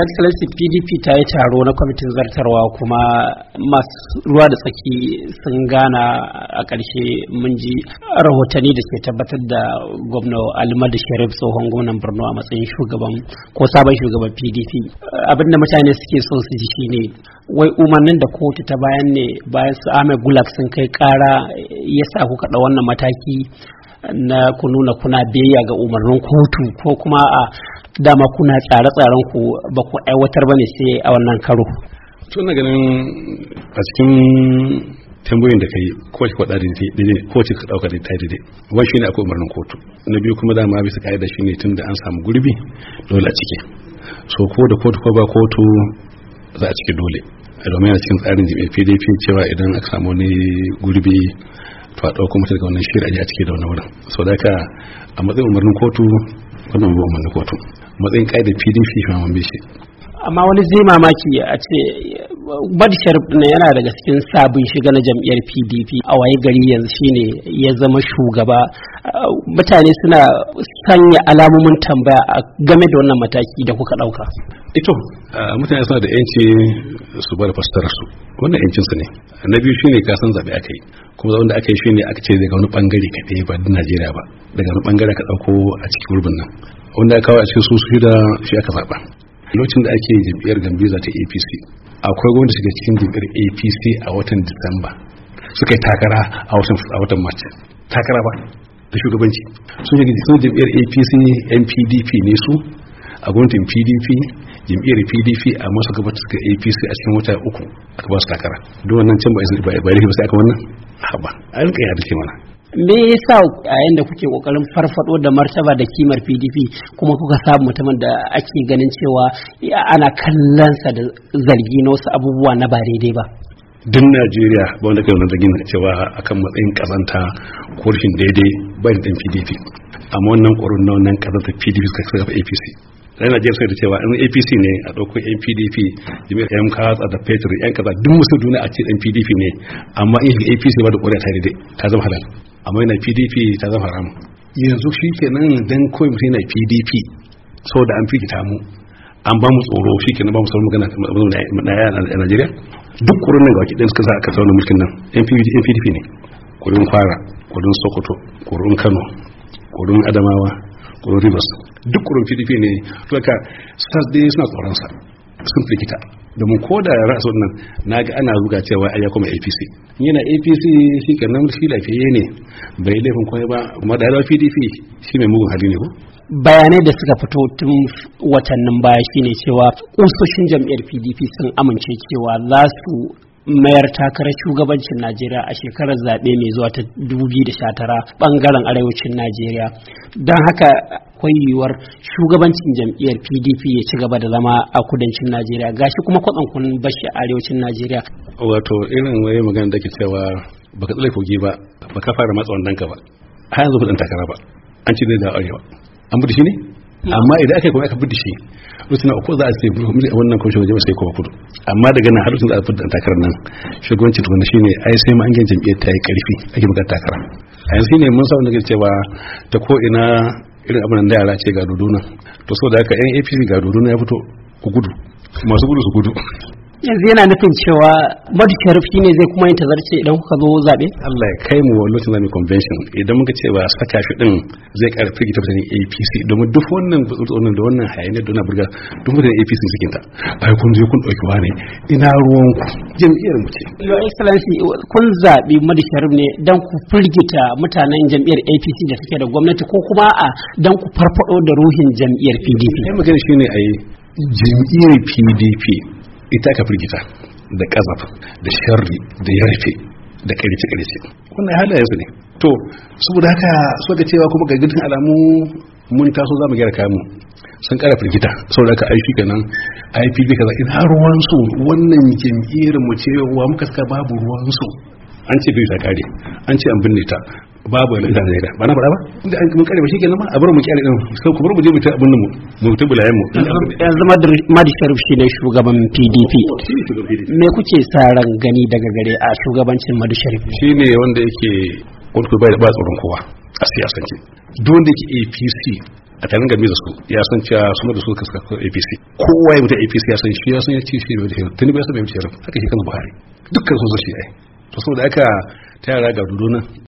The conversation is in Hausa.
excellency pdp ta yi taro na kwamitin zartarwa kuma masu ruwa da tsaki sun gana a ƙarshe mun ji rahotanni da ke tabbatar da gwamna alimadu sharif tsohon gwamnan borno a matsayin shugaban ko sabon shugaban pdp abinda mutane suke so su ji shine wai umarnin da kotu ta bayan ne bayan su ahmed gulak sun kai kara sa kuka ɗau wannan mataki na ku nuna kuna biyayya ga umarnin kotu ko kuma a dama kuna tsare-tsaren ku ba ku aiwatar ba ne sai a wannan karo tun da ganin a cikin tambayoyin da kai ko ki faɗa daidai ko ki ɗauka da ta daidai wani shine akwai umarnin kotu na biyu kuma dama bisa ka'ida shine tun da an samu gurbi dole a cike so ko da kotu ko ba kotu za a cike dole domin a cikin tsarin jami'ar pdp cewa idan aka samu ne gurbi to a ɗauko daga wannan shirya a ji a cikin da wani wurin so da ka a matsayin umarnin kotu wannan ba umarnin kotu matsayin ƙa'idar pdp shi ma mun shi amma wani zai mamaki a ce bad sharif na yana daga cikin sabon shiga na jam'iyyar pdp a waye gari yanzu shine ya zama shugaba mutane suna sanya alamomin tambaya game da wannan mataki da kuka ɗauka ito mutane suna da yanci su bar fassarar su wannan yancin su ne na biyu shine ka san zabe aka yi kuma wanda da aka yi shine aka ce daga wani bangare kaɗai ba da Najeriya ba daga wani bangare ka dauko a cikin gurbin nan wanda aka kawo a cikin su su da shi aka zaba lokacin da ake jam'iyyar Gambiza ta APC akwai gwamnati shiga cikin jam'iyyar APC a watan Disamba suka yi takara a watan a watan March takara ba da shugabanci sun shiga jam'iyyar APC NPDP ne su a gwamnatin pdp jam'iyyar pdp a masu gabatar da apc a cikin wata uku aka ba su takara duk wannan can ba ba rike ba sai aka wannan haɓa a rika ya rike mana me yasa a yanda kuke kokarin farfado da martaba da kimar pdp kuma kuka samu mutumin da ake ganin cewa ana kallonsa da zargi na wasu abubuwa na ba daidai ba duk najeriya ba wanda kai wannan zargin cewa akan matsayin kazanta ko daidai ba da pdp amma wannan ƙwarin na wannan kazanta pdp suka kafa apc ranar jiyar sai da cewa yan apc ne a ɗauko yan pdp jami'ar yan katsa da petro yan kaza duk musu duniya a ce yan pdp ne amma in shiga apc ba da ƙuri'a ta daidai ta zama halal amma yana pdp ta zama haram yanzu shi ke nan dan kawai mutum yana pdp saboda an firgita mu an ba mu tsoro shi kenan ba mu sauran magana na yaya a najeriya duk kurin nan ga wakil suka za a kasar wani mulkin nan yan pdp ne kurin kwara kurin sokoto kurin kano kurin adamawa rivers duk kurin pdp ne to ka stars suna tsoron sa sun firgita domin ko da ra'asu nan na ga ana ruga cewa ai ya kuma apc yana apc shi nan shi lafiye ne bai laifin kwaya ba kuma da yawa pdp shi mai mugun hali ne ko bayanai da suka fito tun watannin baya shine cewa kusoshin jam'iyyar pdp sun amince cewa za su mayar takarar shugabancin Najeriya a shekarar zaɓe mai zuwa ta 2019 ɓangaren arewacin Najeriya. Don haka akwai yiwuwar shugabancin jam'iyyar PDP ya ci gaba da zama a kudancin Najeriya gashi kuma kwatsan kun bashi a arewacin Najeriya. Wato irin wani magana da ke cewa baka tsale kogi ba baka fara matsa wannan ka ba. A yanzu kudin takara ba. An ci ne da arewa. An bude shi ne? amma idan aka kuma aka fidda shi rusuna uku za a sai muri a wannan kwamishin wajen sai kuma kudu amma daga nan har za a fidda takarar nan shugabanci tukuna shine ai sai ma an gyan ta yi karfi ake buga takara a yanzu ne mun samu da cewa ta ko ina irin abin da yara ce ga dodona to saboda haka yan apc ga dodona ya fito ku gudu masu gudu su gudu yanzu yana nufin cewa madu sharif shine zai kuma yin tazarce idan kuka zo zaɓe Allah ya kai mu wani zamu convention idan muka ce ba saka shi din zai karfi gita mutane APC domin duk wannan tsotsonin da wannan hayani da wannan burga duk mutane APC suke ta ai kun je kun dauki wane ina ruwan ku jam'iyyar mu ce your excellency kun zaɓi madu sharif ne dan ku firgita mutanen jam'iyyar APC da suke da gwamnati ko kuma a dan ku farfado da ruhin jam'iyyar PDP sai magana shine ai jam'iyyar PDP ita ka firgita da kazaf da sharri da yarfe da ƙarfi ƙarfi wannan halaye su ne to saboda haka so da cewa kuma ga gidan alamu mun taso zamu gyara kayan mu sun kara firgita saboda haka aishi kenan IPB kaza in har su wannan jam'iyyar mu ce wa muka saka babu ruwan su an ce biyu ta kare an ce an binne ta babu wani da ba na faɗa ba inda an kuma kare ba shikenan ma a bar mu kyale din sai ku bar mu je mu ta abin mu mu ta bulayen mu yanzu zama Madi Sharif ne shugaban PDP oh, me kuke sa ran gani daga gare a shugabancin Madi Sharif ne wanda yake kurku bai ba tsoron kowa a siyasance duk wanda yake APC a tarin gami da su ya san cewa su da su ka suka APC kowa ya mutu APC ya san shi ya san ya ce shi ne da shi tuni bai san mai mutu haka shi kan Buhari dukkan su zo shi ai to so da aka tayar ga